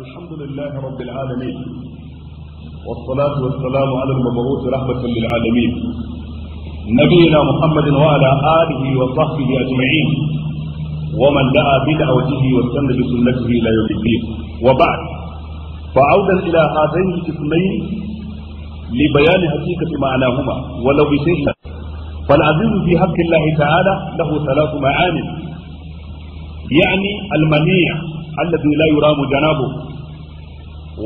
الحمد لله رب العالمين والصلاة والسلام على المبعوث رحمة للعالمين نبينا محمد وعلى آله وصحبه أجمعين ومن دعا بدعوته واستنى بسنته إلى يوم الدين وبعد فعودا إلى هذين الاسمين لبيان حقيقة معناهما ولو بشيء فالعزيز في حق الله تعالى له ثلاث معاني يعني المنيع الذي لا يرام جنابه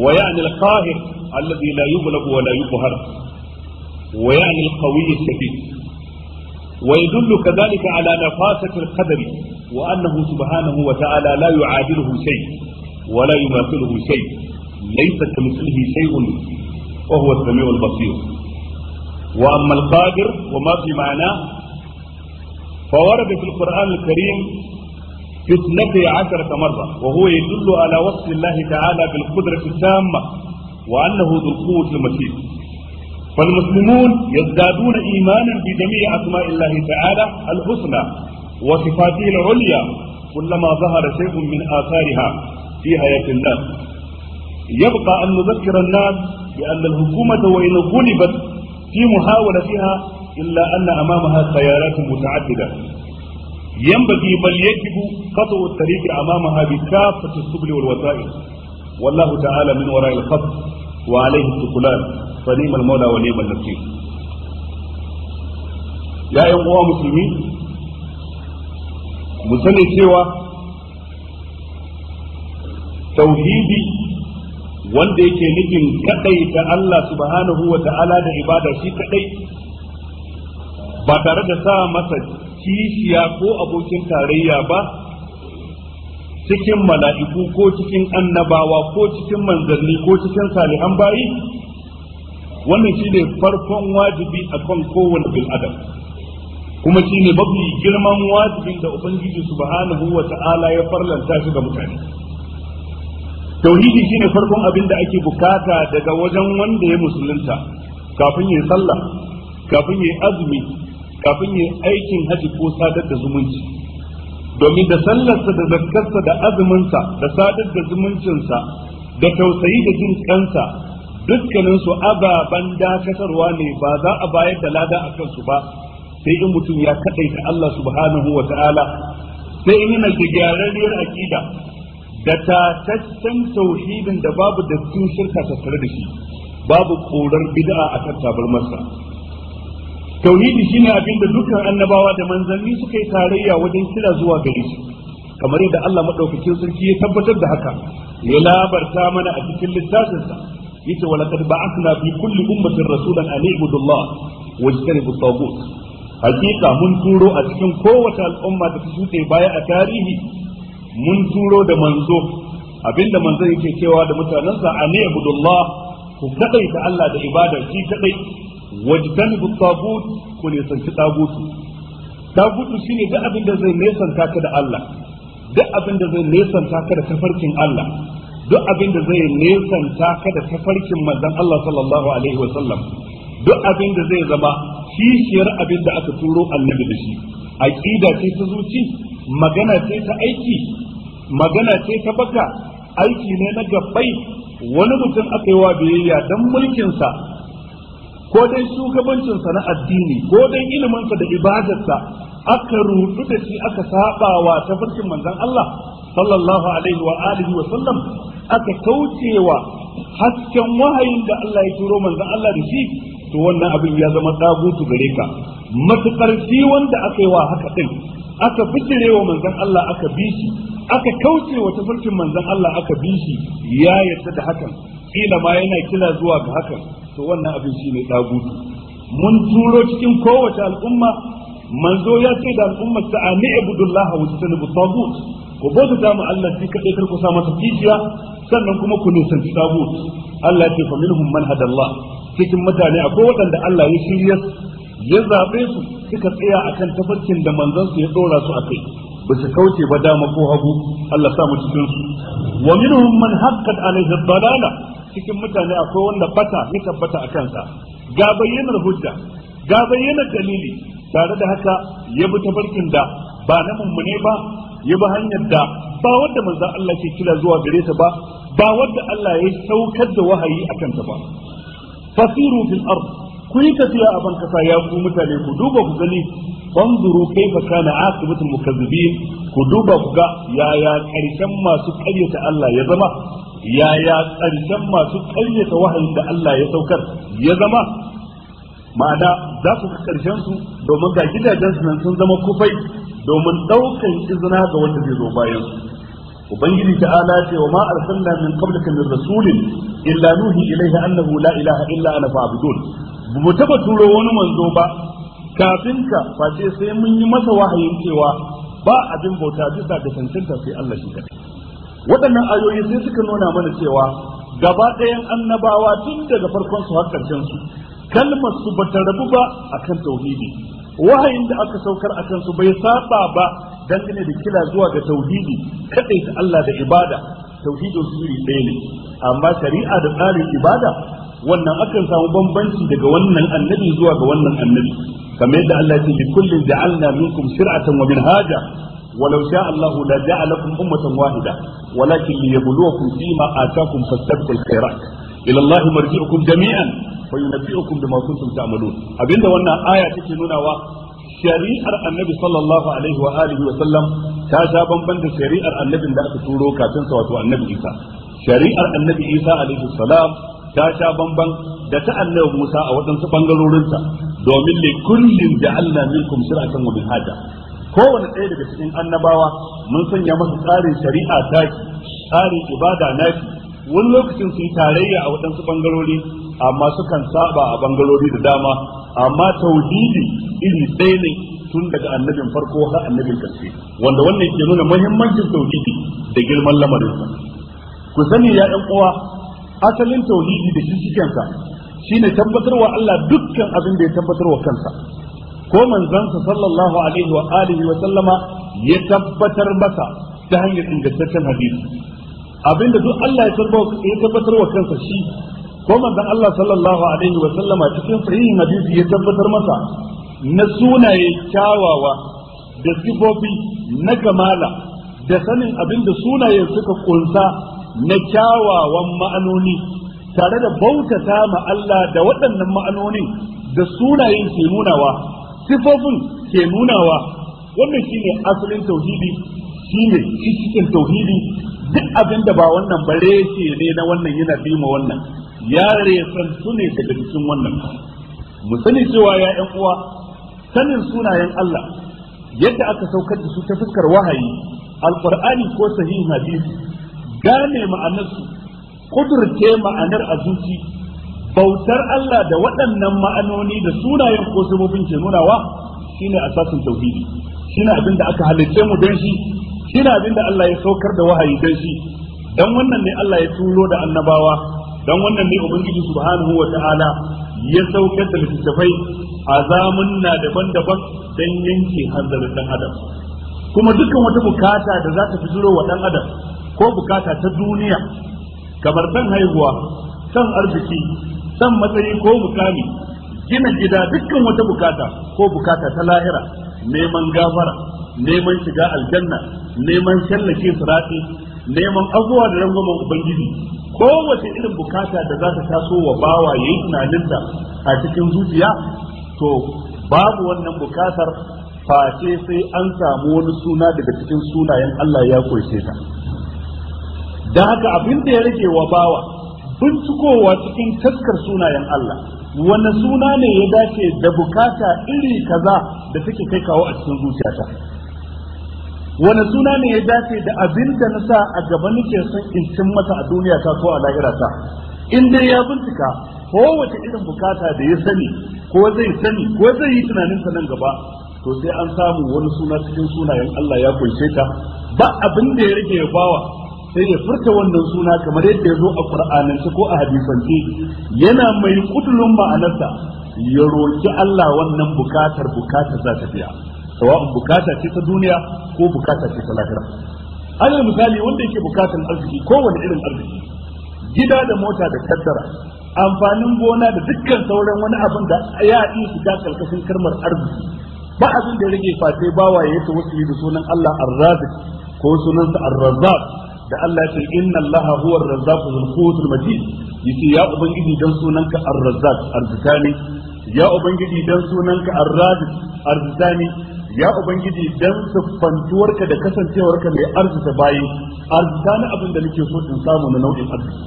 ويعني القاهر الذي لا يغلب ولا يقهر ويعني القوي الشديد ويدل كذلك على نفاسة القدر وأنه سبحانه وتعالى لا يعادله شيء ولا يماثله شيء ليس كمثله شيء وهو السميع البصير وأما القادر وما في معناه فورد في القرآن الكريم في عشرة مرة وهو يدل على وصف الله تعالى بالقدرة التامة وأنه ذو القوة المتين فالمسلمون يزدادون إيمانا بجميع أسماء الله تعالى الحسنى وصفاته العليا كلما ظهر شيء من آثارها في حياة الناس يبقى أن نذكر الناس بأن الحكومة وإن غلبت في محاولتها إلا أن أمامها خيارات متعددة ينبغي بل يجب خطو الطريق أمامها بكافة السبل والوسائل والله تعالى من وراء الخط وعليه الثقلان فنيم المولى ونيم النصير يا أيها المسلمين مسلم سوى tauhidi wanda yake nufin kadai da Allah subhanahu wa ta'ala da ibada shi kadai ba tare da sa masa kishiya ko abokin tarayya ba cikin mala'iku ko cikin annabawa ko cikin manzanni ko cikin salihan bayi wannan shi ne farkon wajibi kan kowane bil adam kuma ne babu girman wajibin da ubangiji subhanahu wa ta'ala ya farlanta shi ga mutane tauhidi shi ne farkon abin da ake bukata daga wajen wanda ya musulunta kafin ya sallah kafin ya azumi kafin ya aikin haji ko sadar da zumunci domin da sallarsa da zakkarsa da azuminsa da sadar da zumuncinsa da tausayi da jin kansa dukkanin su ababen dakatarwa ne ba za a bayar da lada a kansu ba sai in mutum ya kadaita Allah subhanahu wa ta'ala sai in yana da gyararriyar aƙida da tataccen tauhidin da babu da shirka tattare da shi babu korar bid'a a kan tabarmarsa tauhidi shine abin da dukkan annabawa da manzanni suka yi tarayya wajen kira zuwa gare shi kamar yadda Allah madaukakin sarki ya tabbatar da haka ya labarta mana a cikin littafinsa yace wala qad ba'athna fi kulli ummatin rasulan an i'budu Allah wa ijtanibu hakika mun turo a cikin kowace al'umma da ta baya a tarihi mun turo da manzo abinda manzo yake cewa da mutanensa a ne abudullah ku kadai ta Allah da ibada shi kadai wajtanibu tagut ku ne sanci tagutu shi shine duk abin da zai nesanta ka da Allah duk abin da zai nesanta ka da tafarkin Allah duk abin da zai nesanta ka da tafarkin manzon Allah sallallahu alaihi wa sallam duk abin da zai zama kishiyar abin da aka turo annabi da shi aqida ce ta zuci magana ce ta aiki magana ce ta baka aiki ne na gabbai wani mutum aka yi wa biyayya dan mulkinsa ko dai shugabancinsa na addini ko dai iliminsa da ibadarsa aka rudu da shi aka saba wa tafarkin manzon Allah sallallahu alaihi wa alihi wa sallam aka kaucewa hasken wahayin da Allah ya turo manzon Allah da shi to wannan abin ya zama dagutu gare ka matukar shi wanda aka yi wa haka din aka bijire wa manzon Allah aka bi shi aka kauce wa tafarkin manzon Allah aka bi shi ya yarda da hakan kila ma yana kila zuwa ga hakan to wannan abin shi ne ɗagutu mun turo cikin kowace al'umma manzo ya ce da al'ummar sa ani ibudullah wa tanabu tagut ku bauta ta mu Allah shi kadai kar ku sa masa kishiya sannan kuma ku nusanci tagut Allah ya ce fa minhum man hadallah cikin mutane akwai waɗanda Allah ya shirya ya zabe su suka tsaya akan tafarkin da manzon su ya dora su akai ba su kauce ba dama ko hagu Allah sa mu cikin su wa minhum man haqqat alaihi dhalala cikin mutane akwai wanda bata ya tabbata a kansa ga bayyanar hujja ga bayyanar dalili tare da haka ya bi tafarkin da ba na mummune ba ya bi hanyar da ba wadda manzon Allah ke kira zuwa gare ta ba ba wadda Allah ya saukar da wahayi a kanta ba fasiru fil ard ku yi tafiya a bankasa ya ku mutane ku duba ku gani fanzuru kaifa kana aqibatul mukazzibin ku duba ku ga yaya karshen masu ƙaryata Allah ya zama yaya ƙarshen masu ƙaryata wahayin da Allah ya saukar ya zama ma'ana za su ga ƙarshen su domin ga gidajen su nan sun zama kufai domin ɗaukan izina ga wanda zai zo bayan su ubangiji ta'ala ce wa ma arsalna min qablika min rasulin illa nuhi ilayhi annahu la ilaha illa ana fa'budun mu taba turo wani manzo ba kafin ka face sai mun yi masa wahayin cewa ba abin bauta bisa da cancanta sai Allah shi kadai waɗannan ayoyi sai suka nuna mana cewa gaba ɗayan annabawa tun daga farkon su har ƙarshen su kalmar su bata rabu ba akan tauhidi wahayin da aka saukar a kansu bai saba ba dangane da kila zuwa ga tauhidi kadai ta Allah da ibada tauhidin su iri ɗaya ne amma shari'a da tsarin ibada wannan akan samu bambanci daga wannan annabi zuwa ga wannan annabi kamar yadda Allah ya ce kullin ja'alna minkum shir'atan wa minhaja ولو شاء الله لجعلكم أمة واحدة ولكن ليبلوكم فيما آتاكم فاستبقوا الخيرات إلى الله مرجعكم جميعا فينبئكم بما كنتم تعملون أبين وانا آية تكنونا و شريعة النبي صلى الله عليه وآله وسلم تاجا بمبند شريعة النبي لا تتورو كاتن سواتو النبي إيسا شريعة النبي إيسا عليه السلام تاجا بمبند da ta annabi Musa a waɗansu ɓangarorinsa domin ne kullum da Allah minkum shir'atan wa minhaja kowane ɗaya daga cikin annabawa mun sanya masa tsarin shari'a taki tsarin ibada naki wani lokacin su tarayya a waɗansu ɓangarori, amma sukan saba a ɓangarori da dama amma tauhidi iri ɗaya ne tun daga annabin farko har annabin ƙarshe wanda wannan ke nuna muhimmancin tauhidi da girman sa ku sani ya ɗan uwa asalin tauhidi da shi cikinsa shine tabbatarwa Allah dukkan abin da ya tabbatarwa kansa ko manzansa sallallahu alaihi wa alihi wa sallama ya tabbatar masa ta hanyar ingantaccen hadisi abinda duk Allah ya tabbatar wa kansa shi ko manzon Allah sallallahu alaihi wa sallama cikin sahihin hadisi ya tabbatar masa na sunaye kyawawa da sifofi na gamala da sanin abinda sunayen suka kunsa na kyawawan ma'anoni tare da bautata ma Allah da waɗannan ma'anoni da sunayen ke nunawa sifofin ke nunawa wannan ne asalin tauhidi shi ne cikin tauhidi duk abin da ba wannan ba reshe ne na wannan yana bima wannan ya su ne daga cikin wannan mu sani cewa ya 'yan uwa sanin sunayen Allah yadda aka saukar da su ta fuskar wahayi alqur'ani ko sahih hadisi gane ma'anarsu kudurce ma'anar a zuci bautar Allah da waɗannan ma'anoni da sunayen ko sifofin ke nunawa shine asasin tauhidi shine abin da aka halitta mu don shi shine abin da Allah ya saukar da wahayi don shi dan wannan ne Allah ya turo da annabawa dan wannan ne ubangiji subhanahu wataala ya saukar da littattafai a zamunna daban-daban dan yanke hanzarin dan adam kuma dukkan wata bukata da za ta fitiro wa dan adam ko bukata ta duniya kamar dan haihuwa kan arziki san matsayi ko mukami gina gida dukkan wata bukata ko bukata ta lahira neman gafara neman shiga aljanna neman shallake sirati neman abubuwa da rangwamen ubangiji kowace irin bukata da za ta taso wa bawa ya yi tunaninta a cikin zuciya to babu wannan bukatar face sai an samu wani suna daga cikin sunayen Allah ya kunshe ta da haka abin da ya rage wa bawa bincikowa cikin taskar sunayen Allah wani suna ne ya dace da bukata iri kaza da take kai kawo a cikin zuciyata wani suna ne ya dace da abin da na sa a gaba nake son in cin masa a duniya ta ko a lahira ta in dai ya bincika ko wace irin bukata da ya sani ko zai sani ko zai yi tunanin sa nan gaba to sai an samu wani suna cikin sunayen Allah ya kunshe ta ba abin da ya rage ya bawa sai ya furta wannan suna kamar yadda ya zo a qur'anance ko a hadisance yana mai kudulun ma'anarsa ya roki Allah wannan bukatar bukatar za ta biya sawa'un bukata ce ta duniya ko bukata ce ta lahira alal misali wanda yake bukatar arziki kowane irin arziki gida da mota da kaddara amfanin gona da dukkan sauran wani abin da ya yi shiga karkashin karmar arziki ba abin da rage face bawa ya ta wasu da sunan Allah arrazik ko sunansa arrazak da Allah ya ce inna Allah huwa ar-razzaq dhul quwwati al-matin yace ya ubangiji dan sunanka ar-razzaq arzikani ya ubangiji dan sunanka ar-razzaq arzikani ya ubangiji dan siffantuwarka da kasancewarka mai arzika bayi arzikani abin da nake so in samu na nau'in arziki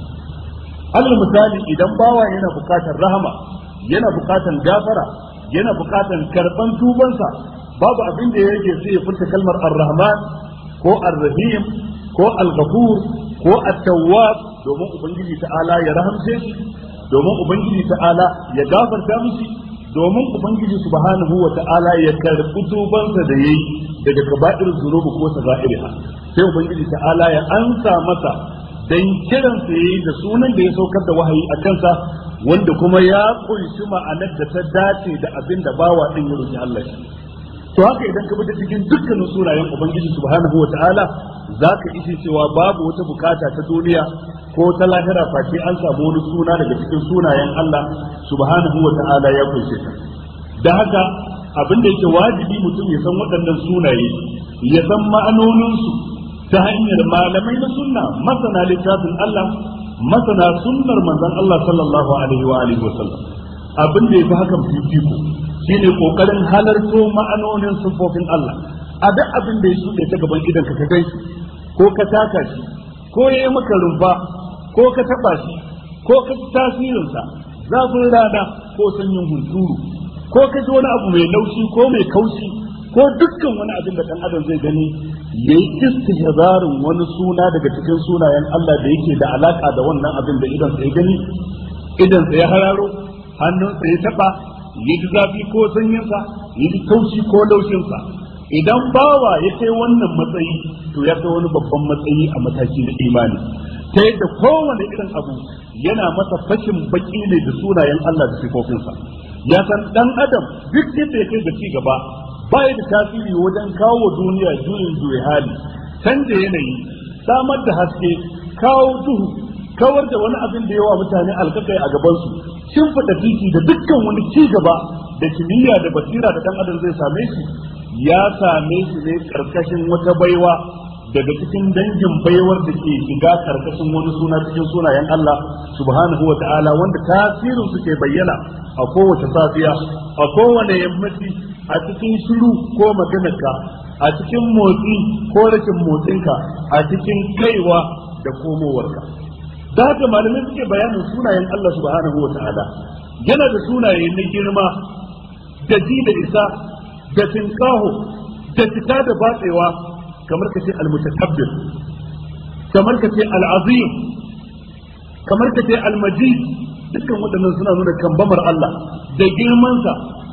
alal misali idan bawa yana bukatar rahama yana bukatar gafara yana bukatar karban tubansa babu abin da yake sai ya furta kalmar ar-rahman ko ar-rahim ko al ko at-tawwab domin ubangiji ta'ala ya rahamce domin ubangiji ta'ala ya gafarta mishi domin ubangiji subhanahu wa ta'ala ya karbi tubansa da yayi daga kaba'ir zunubi ko sagairiha sai ubangiji ta'ala ya ansa masa dan kiran sa yayi da sunan da ya saukar da wahayi a kansa wanda kuma ya kunshi ma'anar da ta dace da abin da bawa din ya roki Allah shi to haka idan ka bude cikin dukkanin sunayen ubangiji subhanahu wataala zaka ishe cewa babu wata bukata ta duniya ko ta lahira face an samu wani suna daga cikin sunayen Allah subhanahu wataala ya kunshe ta da haka abin da yake wajibi mutum ya san waɗannan sunaye ya san ma'anoninsu ta hanyar malamai na sunna masana littafin Allah masana sunnar manzon Allah sallallahu alaihi wa alihi wasallam abin da yafi haka fifiko shine kokarin halarto ma'anonin sufofin Allah a duk abin da ya shuɗe ta gaban idan ka kai ko ka taka shi ko yayi maka rumfa ko ka taba shi ko ka tasirinsa zafin rana ko sanyin hunturu ko ka ji wani abu mai laushi ko mai kaushi ko dukkan wani abin da dan adam zai gani ya yi istihzarin wani suna daga cikin sunayen Allah da yake da alaka da wannan abin da idan sai gani idan sai hararo hannun sai taɓa. Yi ji zafi ko sanyinsa yi ji taushi ko laushinsa idan bawa ya kai wannan matsayi to ya kai wani babban matsayi a mataki na imani ta yadda kowane irin abu yana masa fashin baki ne da sunayen Allah da sifofinsa ya san ɗan adam duk yadda ya kai ga ci gaba baya da tasiri wajen kawo duniya juyin juyi hali canza yanayi samar da haske kawo duhu kawar da wani abin da yawa mutane alkakai a gabansu shimfida titi da dukkan wani ci gaba da kimiyya da basira da dan adam zai same shi ya same shi ne karkashin wata baiwa daga cikin dangin baiwar da ke shiga karkashin wani suna cikin sunayen Allah subhanahu wa ta'ala wanda tasirin su ke bayyana a kowace safiya a kowane yammaci a cikin shiru ko maganarka a cikin motsi ko rashin motsinka a cikin kaiwa da komowarka da haka malamai suke bayanin sunayen Allah subhanahu wata'ala yana da sunaye na girma da ji da isa da tinkaho da fita da batsewa kamar ka ce almutakabbir kamar ka ce al'azim kamar ka ce almajid dukkan waɗannan suna nuna kambamar Allah da girmansa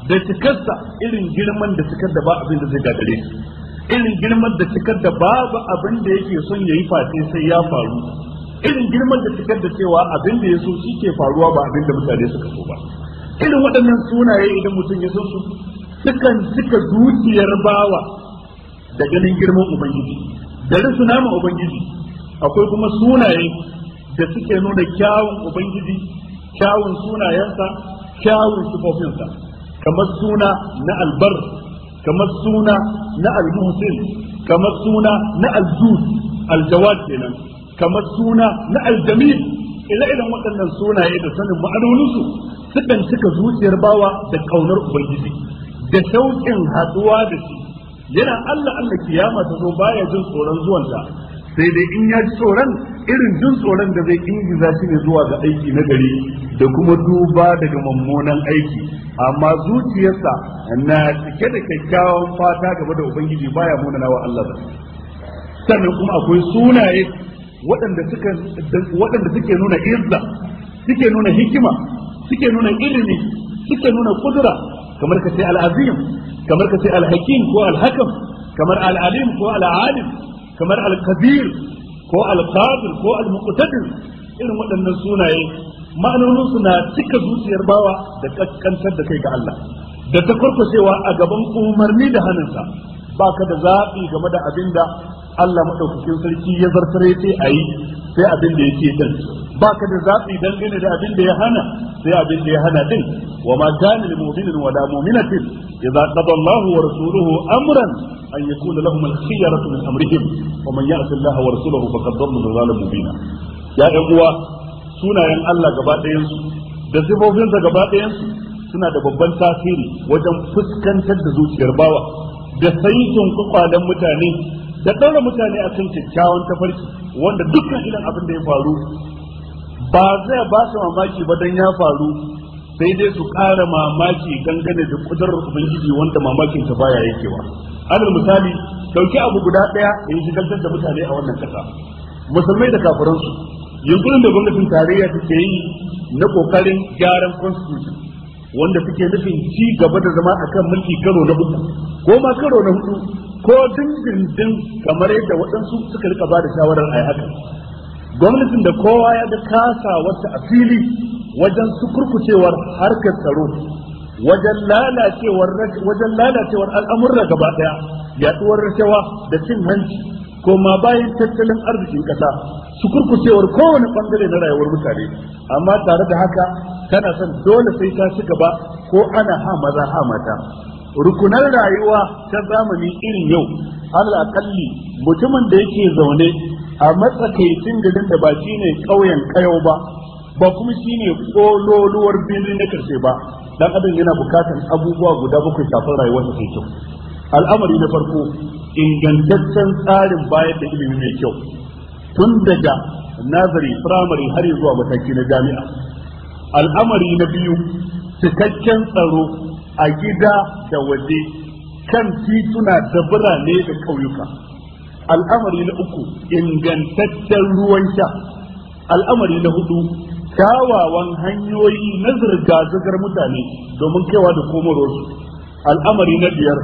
da cikarsa irin girman da cikar da ba abin da zai gagare irin girman da cikar da babu abin da yake son ya yi face sai ya faru irin girman da cikar da cewa abin da ya so shi ke faruwa ba abin da mutane suka so ba irin waɗannan sunaye idan mutum ya so su sukan cika zuciyar bawa da ganin girman ubangiji da risu ma ubangiji akwai kuma sunaye da suke nuna kyawun ubangiji kyawun sunayensa kyawun sifofinsa kamar suna na albar kamar suna na almuhsin kamar suna na aljud aljawad kenan kamar suna na aljamil ire-iren waɗannan sunaye da sanin ma'anoninsu sukan cika zuciyar bawa da kaunar ubangiji da shauƙin haɗuwa da shi yana Allah Allah kiyama ta zo baya jin tsoron zuwanta sai dai in ya ji tsoron irin jin tsoron da zai ingiza shi ne zuwa ga aiki na gari da kuma duba daga mummunan aiki amma zuciyarsa na cike da kyakkyawan fata game da ubangiji baya munana wa Allah sannan kuma akwai sunaye waɗanda suke nuna izza suke nuna hikima suke nuna ilimi suke nuna kudura kamar ka ce al'azim kamar ka ce al ko al kamar al ko al kamar al ko al ko al irin waɗannan sunaye ma'anonin na cika zuciyar bawa da kaskantar da kai ga Allah da ta kurkusewa a gaban umarni da hannunsa ba ka da zaɓi game da abin da Allah maɗaukakin sarki ya zartar ya ce ayi sai abin da yake dan ba ka da zaɓi dangane da abin da ya hana sai abin da ya hana din wa ma kana lil mu'minin wa la mu'minatin idza qada Allah wa rasuluhu amran an yakuna lahum al khiyaratu min amrihim wa man ya'si Allah wa rasuluhu faqad dhalla dhalalan mubina ya ɗan uwa sunayen Allah gaba ɗayan su da sifofinsa gaba ɗayan su suna da babban tasiri wajen fuskantar da zuciyar bawa da saitin kwakwalen mutane da ɗaura mutane a kan kyakkyawan tafarki wanda dukkan irin abin da ya faru ba zai ba su mamaki ba don ya faru sai dai su ƙara mamaki dangane da kudurar ubangiji wanda mamakin ta baya yakewa alal misali dauki abu guda ɗaya yi shigantar da mutane a wannan ƙasa musulmai da kafiransu yunkurin da gwamnatin tarayya ke yi na kokarin gyaran constitution wanda suke nufin ci gaba da zama akan mulki karo na uku ko ma karo na hudu ko dindindin kamar yadda waɗansu suka rika ba da shawarar a haka gwamnatin da kowa ya ga kasa wata a fili wajen sukurkucewar harkar tsaro wajen lalacewar al'amurra gaba daya yaduwar rashawa da cin hanci ko ma bayan tattalin arzikin kasa sukurkucewar kowane bangare na rayuwar mutane amma tare da haka tana son dole sai ta ci gaba ko ana ha maza ha mata rukunan rayuwa ta zamani irin yau al'akalli mutumin da yake zaune a matsakaicin garin da ba shi ne ƙauyen kayau ba ba kuma shi ne ƙololuwar birni na ƙarshe ba dan adam yana bukatar abubuwa guda bakwai kafin rayuwar ta kyau al'amari na farko ingantaccen tsarin bayar da ilimi mai kyau tun daga nazari firamare har zuwa mataki na jami'a al'amari na biyu cikakken tsaro a gida da waje kan tituna da birane da ƙauyuka al'amari na uku ingantaccen ruwan sha al'amari na hudu kyawawan hanyoyi na zirga-zirgar mutane domin kaiwa da komarwarsu al'amari na biyar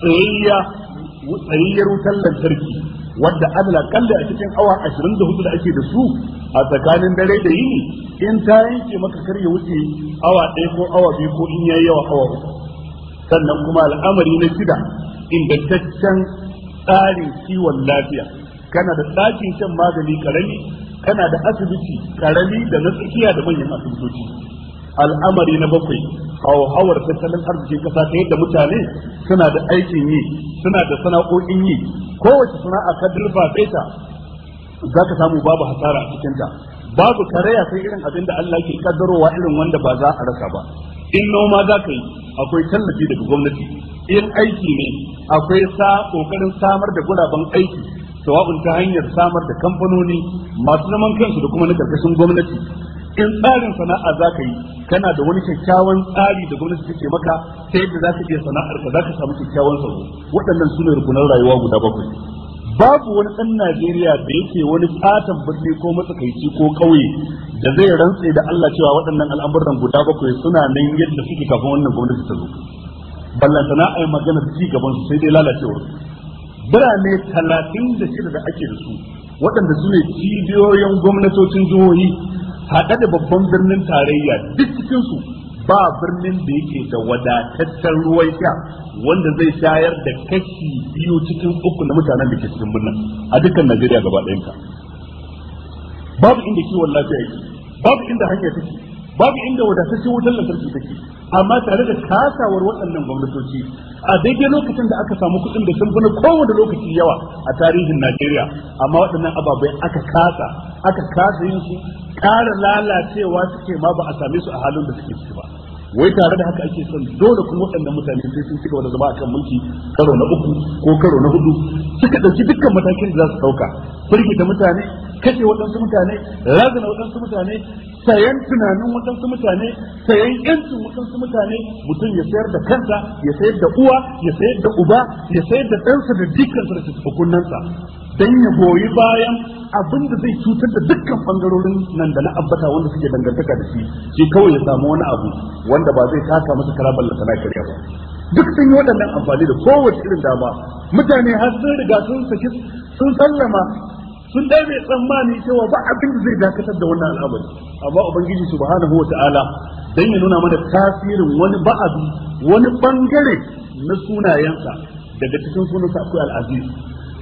tsayayyar wutar lantarki wanda ana kalli a cikin awa 24 da ake da su a tsakanin dare da yini in ta yanke maka kar ya wuce awa ɗaya ko awa biyu ko in yayi yawa awa uku sannan kuma al'amari na shida ingantaccen tsarin kiwon lafiya kana da ɗakin shan magani karami kana da asibiti karami da na tsakiya da manyan asibitoci al'amari na bakwai hauhawar tattalin arzikin kasa ta yadda mutane suna da aikin yi suna da sana'o'in yi kowace sana'a ka dirba ta za ka samu babu hasara a cikin ta babu karaya sai irin abin da Allah ke kaddarowa irin wanda ba za a rasa ba in noma za ka yi akwai tallafi daga gwamnati in aiki ne akwai sa kokarin samar da guraben aiki sawa'un ta hanyar samar da kamfanoni masu zaman kansu da kuma na karkashin gwamnati in tsarin sana'a za ka yi kana da wani kyakkyawan tsari da gwamnati take maka sai yadda za ka iya sana'ar ka za ka samu kyakkyawan tsaro waɗannan su ne rukunan rayuwa guda bakwai babu wani ɗan Najeriya da yake wani satan birni ko matsakaici ko ƙauye da zai rantse da Allah cewa waɗannan al'amuran guda bakwai suna nan yadda suke kafin wannan gwamnati ta zo ballan sana'a magana ci gaban su sai dai lalacewar birane talatin da shida da ake da su waɗanda su ne cibiyoyin gwamnatocin jihohi haɗe da babban birnin tarayya duk cikin su ba birnin da yake da wadataccen ruwan sha wanda zai shayar da kashi biyu cikin uku na mutanen da ke cikin birnin a dukkan Najeriya gaba ka. babu inda kiwon lafiya yake babu inda hanya take babu inda wadataccen wutar lantarki take amma tare da kasawar waɗannan gwamnatoci a daidai lokacin da aka samu kuɗin da sun fi kowane lokaci yawa a tarihin Najeriya amma waɗannan ababai aka kasa aka kasa yin su ƙara lalacewa suke ma ba a same su a halin da suke ciki ba wai tare da haka ake son dole kuma waɗannan mutane sai sun cika wani zama a kan mulki karo na uku ko karo na hudu suka ɗauki dukkan matakin da za su ɗauka firgita mutane kashe waɗansu mutane razana waɗansu mutane sayan tunanin waɗansu mutane sayan yancin waɗansu mutane mutum ya sayar da kansa ya sayar da uwa ya sayar da uba ya sayar da ɗansa da dukkansa da tattakunansa don ya goyi bayan abin da zai cutar da dukkan bangarorin nan da na abbata wanda suke dangantaka da shi shi kawai ya samu wani abu wanda ba zai taka masa kara ballata na ba duk sun yi waɗannan amfani da kowace irin dama mutane har sun riga sun saki sun sallama sun dai mai tsammani cewa ba abin da zai dakatar da wannan al'amari amma ubangiji subhanahu wata'ala dan ya nuna mana tasirin wani ba'abi wani bangare na sunayensa daga cikin sunansa akwai al'aziz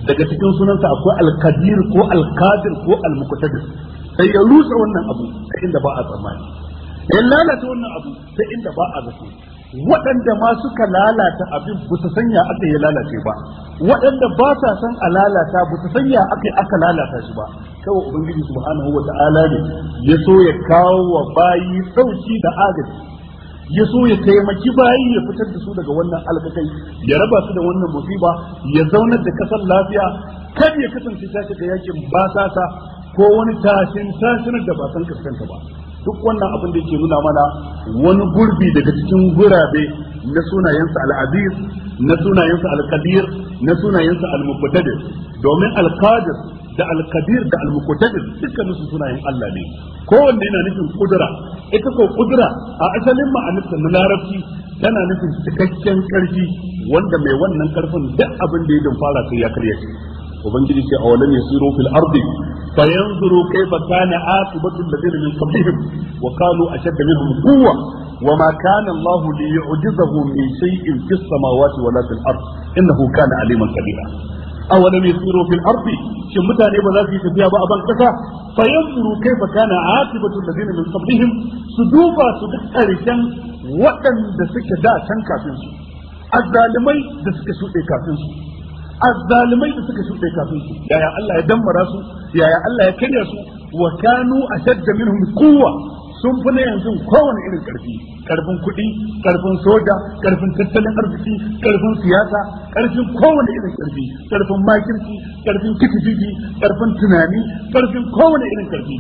daga cikin sunansa akwai al-kadir ko al-qadir ko al-muqtadir sai ya rusa wannan abu ta inda ba a tsammani ya lalata wannan abu ta inda ba a zato waɗanda ma suka lalata abin ba su sanya aka yi lalace ba waɗanda ba sa san a lalata ba su sanya aka aka lalata shi ba kawai ubangiji subhanahu huwa ta'ala ne ya so ya kawo wa bayi sauki da agaji ya so ya taimaki bayi ya fitar da su daga wannan alkakai ya raba su da wannan ba, ya zaunar da kasar lafiya kar ya kasance ta shiga yakin basata ko wani tashin tashin da ba san kaskanta ba duk wannan abin da yake nuna mana wani gurbi daga cikin gurabe na sunayensa al-aziz na sunayensa al-kabir na sunayensa al-muqaddas domin al-qadir da al-kabir da al-muqaddas dukkan su sunayen Allah ne kowanne yana nufin kudura ita ko kudura a asalin ma'anarta na larabci tana nufin cikakken karfi wanda mai wannan karfin duk abin da ya fara sai ya karya shi ubangiji ce awalam yasiru fil ardi فينظروا كيف كان عاقبة الذين من قبلهم وقالوا أشد منهم قوة وما كان الله ليعجزه من شيء في السماوات ولا في الأرض إنه كان عليما كبيرا أولم يسيروا في الأرض shin mutane ba za su yi tafiya ba a ban kasa fa yanzuru kaifa kana aqibatu alladhina min qablihim su duba su ga karshen waɗanda suke da can kafin su da suka suɗe kafin su azzalimai da suka shuɗe kafin su yaya Allah ya dammara su yaya Allah ya karya su wa kanu ashadda minhum quwwa sun fi na yanzu kowane irin karfi karfin kuɗi karfin soja karfin tattalin arziki karfin siyasa karfin kowane irin karfi karfin makirci karfin kitifiki karfin tunani karfin kowane irin karfi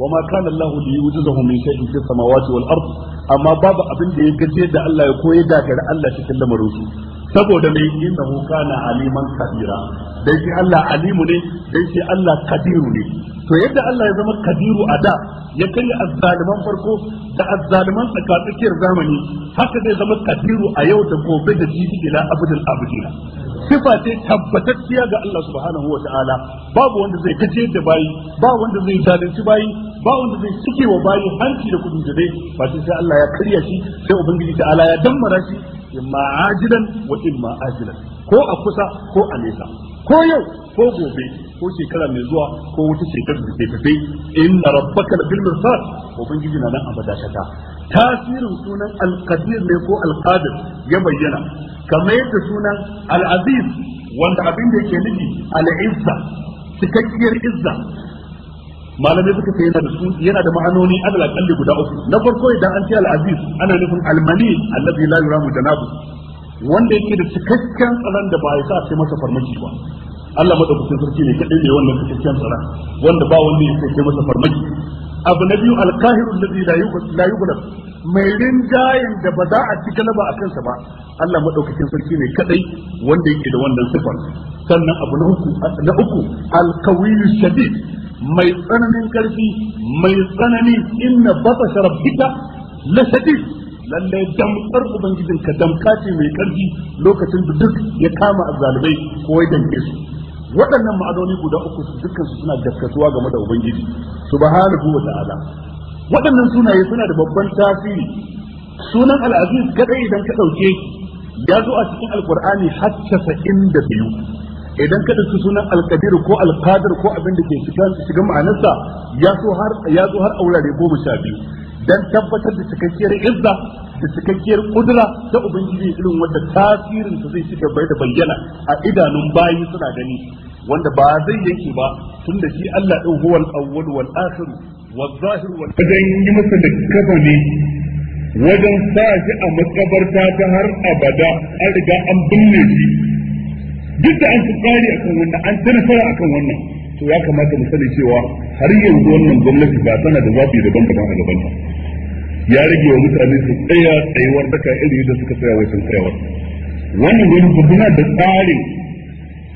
وما كان الله ليوجزه من شيء في السماوات والارض amma babu abin da ya gaje da Allah ya koyi da Allah cikin lamarin su saboda mai innahu kana aliman kabira dan shi Allah alimu ne dan shi Allah kadiru ne to yadda Allah ya zama kadiru a da ya kai azzaliman farko da azzaliman tsakatsakiyar zamani haka zai zama kadiru a yau da gobe da jibi ila abdul abdina sifa ce tabbatacciya ga Allah subhanahu wataala babu wanda zai kace da bayi ba wanda zai zalunci bayi ba wanda zai cike wa bayi hanci da kudin da dai ba sai Allah ya karya shi sai ubangiji ta'ala ya dammara shi imma ajilan wa imma ajilan ko a kusa ko a nesa ko yau ko gobe ko shekara mai zuwa ko wata shekara da ke inna rabbaka bil mirsad ubangiji na nan abada shaka tasirin sunan al-qadir ne ko al-qadir ya bayyana kamar yadda sunan al-aziz wanda abin da yake nufi al-izza cikakkiyar izza malamai suka ce yana da su yana da ma'anoni alal akalli guda uku na farko idan an ce al-aziz ana nufin al-mani allazi la yuramu janabu wanda yake da cikakken tsaron da ba ya sa sai masa farmaki ba Allah madaukakin sarki ne kadai ne wannan cikakken tsaron wanda ba wanda ya sai masa farmaki abu na biyu alkahiru alladhi la la yughlab mai rinjayen da ba za a ci ba a kansa ba Allah madaukakin sarki ne kadai wanda yake da wannan sifar sannan abu na uku na uku alqawiyyu shadid mai tsananin karfi mai tsanani inna batasha rabbika la shadid lallai damkar ubangijin ka damka ce mai karfi lokacin da duk ya kama azzalibai ko ya danke su waɗannan ma'anoni guda uku su dukkan su suna gaskatuwa game da ubangiji subhanahu wa ta'ala waɗannan sunaye suna da babban tasiri sunan al'aziz kadai idan ka ɗauke ya zo a cikin alkur'ani har casa'in da biyu idan ka ɗauki sunan alkadir ko alkadir ko abin da ke shiga ma'anarsa ya zo har ya zo har a wurare goma sha biyu dan tabbatar da cikakkiyar izza da cikakkiyar kudura ta ubangiji irin wanda tasirin ta zai shiga bai da bayyana a idanun bayi suna gani wanda ba zai yanke ba tun da shi Allah din huwal awwal wal akhir wal zahir wal dan yi masa da kabani wajen sa shi a makabarta ta har abada an riga an binne shi duk da an ci a akan wannan an fara a akan wannan to ya kamata mu sani cewa har yanzu wannan gwamnati ba tana da zafi daban daban a gaban ta ya rage wa mutane su tsaya tsayuwar daka iri da suka tsaya wai sun tsayawar wannan wani suna da tsari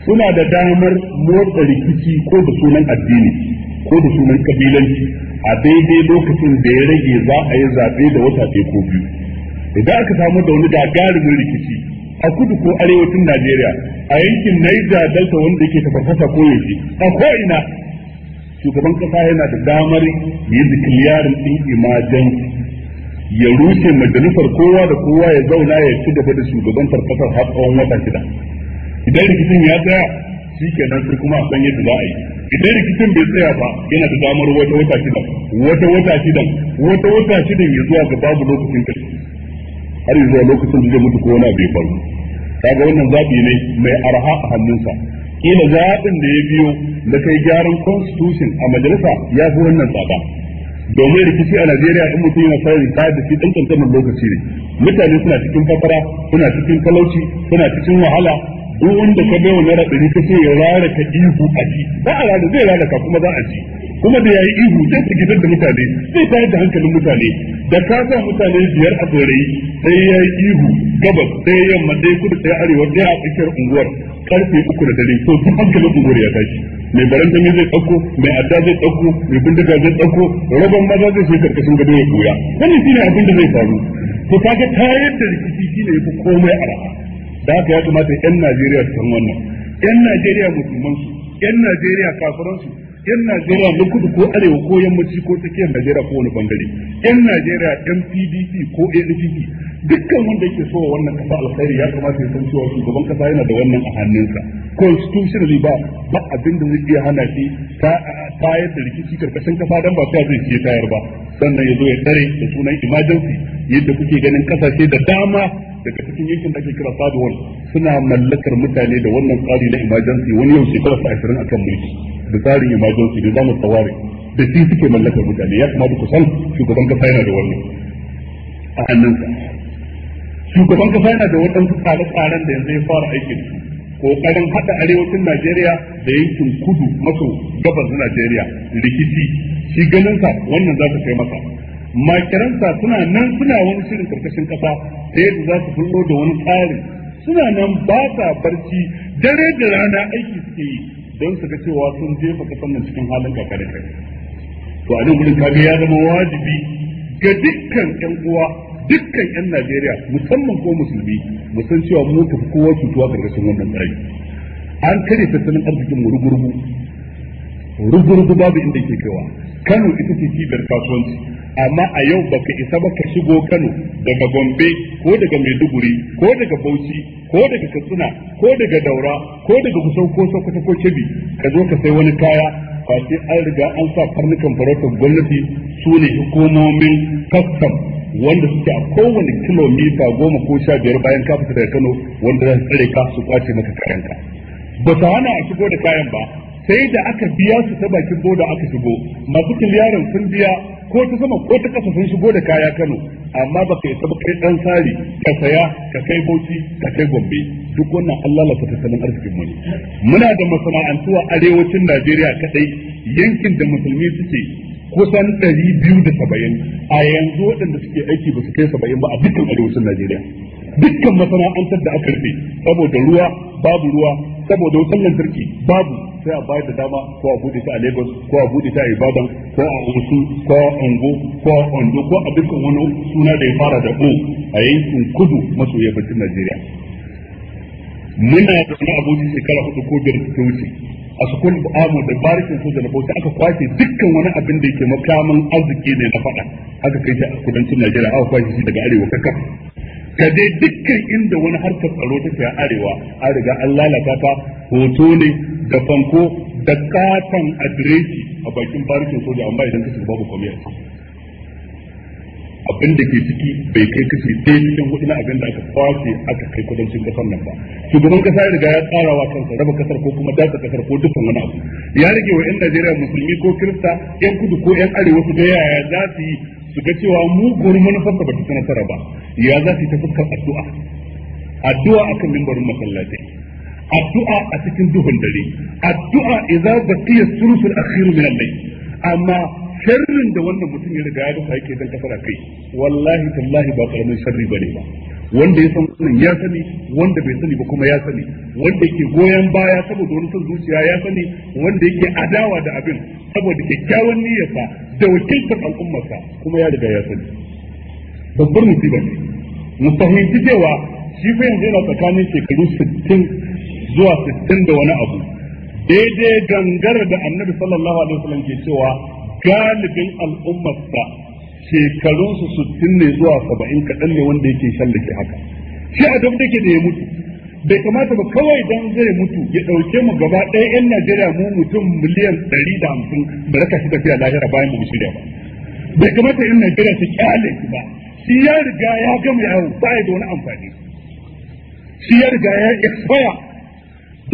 suna da damar motsa rikici ko da sunan addini ko da sunan kabilanci a daidai lokacin da ya rage za a yi zaɓe da wata ko biyu idan aka samu da wani gagarumin rikici a kudu ko arewacin Najeriya a yankin Niger Delta wanda yake tafarfasa ko yaushe a ko ina shugaban kasa yana da damar yi zikiliyarin din imajen ya rushe majalisar kowa da kowa ya zauna ya ci gaba da shugaban farfasar har tsawon wata shida idan rikicin ya tsaya shi nan sai kuma a san yadda za a yi idan rikicin bai tsaya ba yana da damar wata wata shida wata wata shida wata wata shida ya zuwa ga babu lokacin kashi har zuwa lokacin da zai mutu ko wani abu ya faru kaga wannan zaɓi ne mai arha a hannunsa kila zaɓin da ya biyo da kai gyaran constitution a majalisa ya fi wannan tsada domin rikici a Najeriya in mutum yana sai ka da shi ɗan lokaci ne mutane suna cikin fatara suna cikin talauci suna cikin wahala duk wanda ka bai naira ɗari ka ce ya rara ka ihu a ci ba a rara zai rara ka kuma za a ci kuma da yayi ihu zai ta gidan da mutane zai tayar da hankalin mutane da ka sa mutane biyar a tsore sai ya yi ihu gabas sai yamma sai kudu sai arewa sai a tsakiyar unguwar karfe uku da dare to duk hankalin unguwar ya tashi mai baranta ne zai ɗauko mai adda zai ɗauko mai bindiga zai ɗauko rabon maza zai shi karkashin gado ya goya wannan shine abin da zai faru to kaga tayar da rikici shine yafi komai araha da haka ya kamata yan Najeriya su san wannan yan Najeriya musulman su yan Najeriya kafiran su yan Najeriya na kudu ko arewa ko yammaci ko tsakiyar Najeriya ko wani bangare yan Najeriya yan PDP ko ANPP dukkan wanda yake so wannan kafa alkhairi ya kamata ya san cewa shugaban kasa yana da wannan a hannunsa constitutionally ba ba abin da zai hana shi ta tayar da rikici karkashin kasa dan ba sai zai ce tayar ba sannan ya zo ya tare da sunan emergency yadda kuke ganin kasashe da dama daga cikin yankin da ake kira Sadwal suna mallakar mutane da wannan tsari na emergency wani yau shekara sa ashirin akan mulki da tsarin emergency da zamu tsaware da shi suke mallakar mutane ya kamata ku san shugaban kasa yana da wannan a hannunsa shugaban kasa yana da waɗansu tsare-tsaren da yanzu ya fara aikin su kokarin hada arewacin Najeriya da yankin kudu maso gabas na Najeriya rikici shi ganin sa wannan za ta kai masa makiransa suna nan suna wani shirin karkashin kasa sai da za su fullo da wani tsarin suna nan ba sa barci dare da rana aiki suke yi don su ga cewa sun jefa kasan nan cikin halin kaka da kai to a nan gudun ya zama wajibi ga dukkan yan uwa dukkan yan Najeriya musamman ko musulmi musan cewa mu tafi kowa cutuwa karkashin wannan tsari an kare tattalin arzikin mu rugurgu rugurgu babu inda ke kaiwa Kano ita ce cibiyar kasuwanci amma a yau baka isa ba ka shigo Kano daga Gombe ko daga Maiduguri ko daga Bauchi ko daga Katsina ko daga Daura ko daga kusan ko kusa ko Kebbi ka zo ka sai wani kaya ba sai an riga an sa farnukan farautar gwamnati su ne hukumomin custom wanda suke a kowane kilomita goma ko sha biyar bayan ka fita daga Kano wanda za su tsare ka su kwace maka kayanka ba su hana a shigo da kayan ba sai da aka biya su ta bakin boda aka shigo masu kiliyarin sun biya ko ta sama ko ta kasa sun shigo da kaya Kano amma ba ka isa ba kai dan sari ka saya ka kai Bauchi ka kai Gombe duk wannan Allah la fata sanin arzikin mu muna da masana'antu a arewacin Najeriya kadai yankin da musulmi suke kusan 270 a yanzu waɗanda suke aiki ba su kai 70 ba a dukkan arewacin Najeriya dukkan masana'antar da aka rufe saboda ruwa babu ruwa saboda wutan lantarki babu sai a bayar da dama ko a bude ta a Lagos ko a bude ta a Ibadan ko a Osun ko a ango ko a Ondo ko a dukkan wani suna da ya fara da O a yankin kudu maso yabancin Najeriya muna da wani abokin shekara hudu ko biyar da ta wuce a kun amu da barikin soja na bauta aka kwace dukkan wani abin da yake makaman arziki ne na faɗa aka kai shi a kudancin Najeriya aka kwace shi daga arewa kaka ka dai dukkan inda wani harkar tsaro take a arewa an riga an lalata ta hoto ne da fanko da katon adireshi a bakin barikin soja amma idan ka shiga babu komai abin da ke ciki bai kai kashi ɗaya cikin hudu na abin da aka kwace aka kai kudancin kasar nan ba shugaban kasa ya riga ya tsara wa kansa raba kasar ko kuma datsa kasar ko dukkan wani abu ya rage wa yan najeriya musulmi ko kirista yan kudu ko yan arewa su ga yaya za su yi su ga cewa muguwar manufarsa ba ta nasara ba ya za su ta fuskar addu'a addu'a akan mimbarin masallatai addu'a a cikin duhun dare addu'a idza baqiya thuluthul akhir min al-layl amma sharrin da wannan mutum ya riga ya rufa yake dan a kai wallahi tallahi ba karamin sharri bane ba wanda ya san wannan ya sani wanda bai sani ba kuma ya sani wanda yake goyon baya saboda wani son zuciya ya sani wanda yake adawa da abin saboda kyakkyawan niyyarsa da wakiltar al'ummarsa kuma ya riga ya sani babbar musiba ne mu fahimci cewa shi fa yanzu yana tsakanin shekaru 60 zuwa 60 da wani abu daidai gangar da annabi sallallahu alaihi wasallam ke cewa galibin al'ummar sa shekarunsu sittin ne zuwa saba'in kaɗan ne wanda yake shallake haka shi a duk da da ya mutu bai kamata ba kawai dan zai mutu ya ɗauke mu gaba ɗaya 'yan Najeriya mu mutum miliyan ɗari da hamsin ba raka shi tafiya lahira bayan mu shirya ba bai kamata 'yan Najeriya su kyale shi ba shi ya riga ya gama yawo ba ya da wani amfani shi ya riga ya expire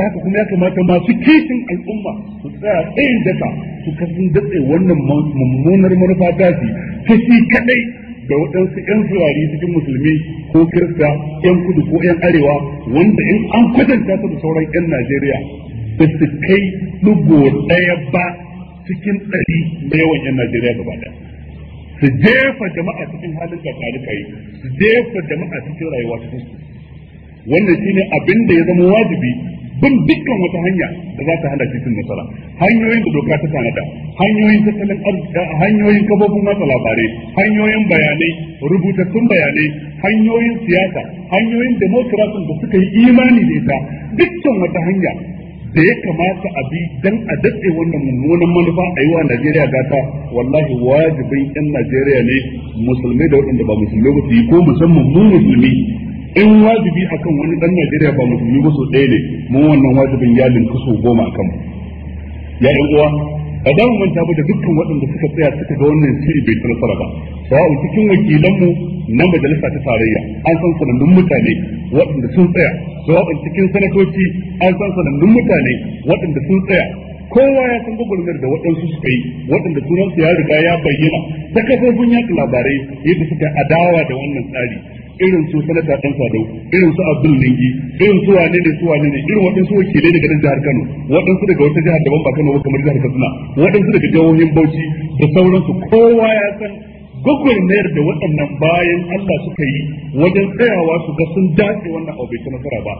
ta haka kuma ya kamata masu kishin al'umma su tsaya tsayin daka su kasan datse wannan mummunar manufa ta fi ta shi kadai da waɗansu 'yan turare cikin musulmi ko kirista 'yan kudu ko 'yan arewa wanda in an kwatanta su da sauran 'yan najeriya da su kai dubu ɗaya ba cikin ɗari na yawan 'yan najeriya gaba su jefa jama'a cikin halin da yi su jefa jama'a cikin rayuwa cikin su wannan shine abin da ya zama wajibi bin dukkan wata hanya da za ta hana shi cin nasara hanyoyin da doka ta tanada hanyoyin tattalin arziki hanyoyin kafofin masa labarai hanyoyin bayanai rubutattun bayanai hanyoyin siyasa hanyoyin demokrasin da suka yi imani da ita dukkan wata hanya da ya kamata a bi dan a datse wannan mummunan manufa a yi wa Najeriya gata wallahi wajibin yan Najeriya ne musulmai da waɗanda ba musulmai ba su yi ko musamman mu musulmi in wajibi akan wani dan Najeriya ba musulmi ba so ɗaya ne mun wannan wajibin ya linku so goma akan mu ya yan uwa a da mun tabu da dukkan waɗanda suka tsaya suka ga wannan shiri bai tsara ba sawa'u cikin wakilanmu na majalisa ta tarayya an san sanannun mutane waɗanda sun tsaya sawa'u cikin sanatoci an san sanannun mutane waɗanda sun tsaya kowa ya san gwagwarmar da waɗansu suka yi waɗanda sunansu ya riga ya bayyana ta kafofin yaɗa labarai yadda suka adawa da wannan tsari irin su sanata ɗan sadau irin su abdul lingi irin su wane ne su wane ne irin waɗansu wakilai daga jihar kano waɗansu daga wata jihar daban ba kano kamar jihar katsina waɗansu daga jihohin bauchi da sauransu kowa ya san gwagwarmayar da waɗannan bayan Allah suka yi wajen tsayawa su ga sun dace wannan abu bai nasara ba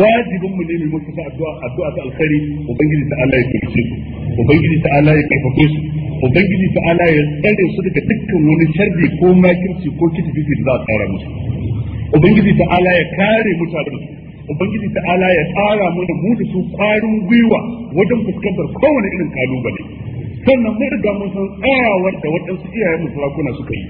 wajibin mu ne mu musu ta addu'a addu'a ta alkhairi ubangiji ta Allah ya kirce su ubangiji ta Allah ya karfafe su ubangiji ta Allah ya tsare su daga dukkan wani sharri ko makirci ko kitabibi da za a tsara musu ubangiji ta Allah ya kare mutanen ubangiji ta Allah ya tsara mana mu da su kwarin gwiwa wajen fuskantar kowane irin kalubale sannan mun riga mun san tsayawar da waɗansu iyayen mu sarakuna suka yi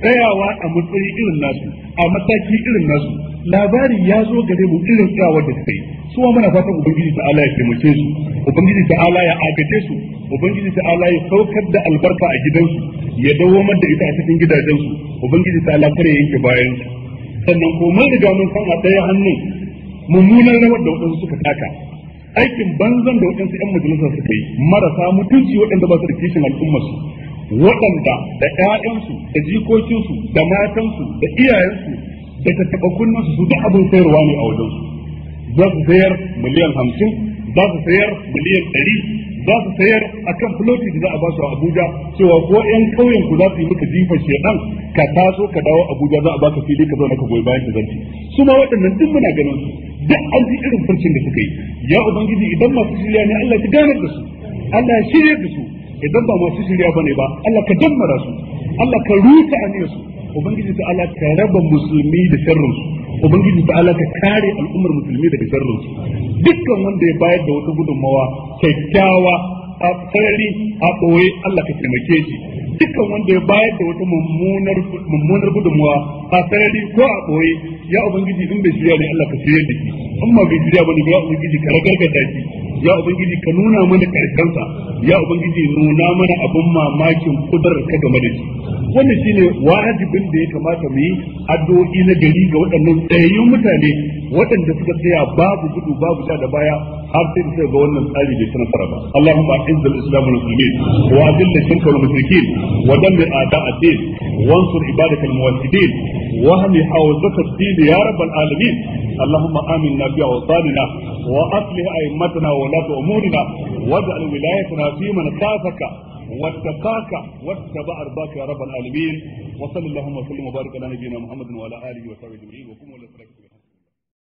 tsayawa a matsayi irin nasu a mataki irin nasu labarin ya zo gare mu irin tsayawar da suka yi su ma muna fatan ubangiji ta ala ya taimake su ubangiji ta ala ya agace su ubangiji ta ala ya saukar da albarka a gidansu ya dawo mata ita a cikin gidajensu ubangiji ta ala kare yanke bayan sannan ko mun riga mun san a ɗaya hannun mummunan rawar da waɗansu suka taka aikin banzan da waɗansu 'yan majalisa suka yi marasa mutunci waɗanda ba su da kishin al'ummarsu waɗanda da 'ya'yansu da jikokinsu da matansu da iyayensu da tattaɓa kunnansu su duk abin sayarwa ne a wajensu za su sayar miliyan hamsin za su sayar miliyan ɗari za su sayar a kan floti da za a ba su a Abuja cewa ko ɗan ƙauyen ku za su yi maka jifar shedan ka taso ka dawo Abuja za a baka fili ka zauna ka goyi bayan ka zanci su ma waɗannan duk muna ganin su duk an ji irin farcin da suka yi ya ubangiji idan masu shirya ne Allah ya ganar da su Allah ya shirya da su idan ba masu shirya bane ba Allah ka dammara su Allah ka ruta aniyar su ubangiji ta Allah ka raba musulmi da sharrin su ubangiji ta ala ka kare al'ummar musulmi daga sharrin dukkan wanda ya bayar da wata gudunmawa kyakkyawa a sarari a ɓoye Allah ka taimake shi dukkan wanda ya bayar da wata mummunar mummunar gudunmawa a sarari ko a ɓoye ya ubangiji in bai shirya ne Allah ka shirya da shi amma bai shirya bane ya ubangiji ka ragargada shi ya ubangiji ka nuna mana karkansa ya ubangiji nuna mana abin mamakin kudarar ka game da shi wannan shine wajibin da ya kamata mu yi addu'o'i na gari ga waɗannan tsayayyun mutane waɗanda suka tsaya babu gudu babu da baya har sai da ga wannan tsari da tana fara ba Allahumma izzil islam wal muslimin wa azil shirka wal mushrikin wa dammir a'da ad-din wansur muwahhidin وهم حوزة الدين يا رب العالمين اللهم آمنا في أوطاننا وأصلح أئمتنا وولاة أمورنا واجعل ولايتنا في من خافك واتقاك واتبع رباك يا رب العالمين وصلى اللهم وسلم وبارك على نبينا محمد وعلى آله وصحبه أجمعين وقوموا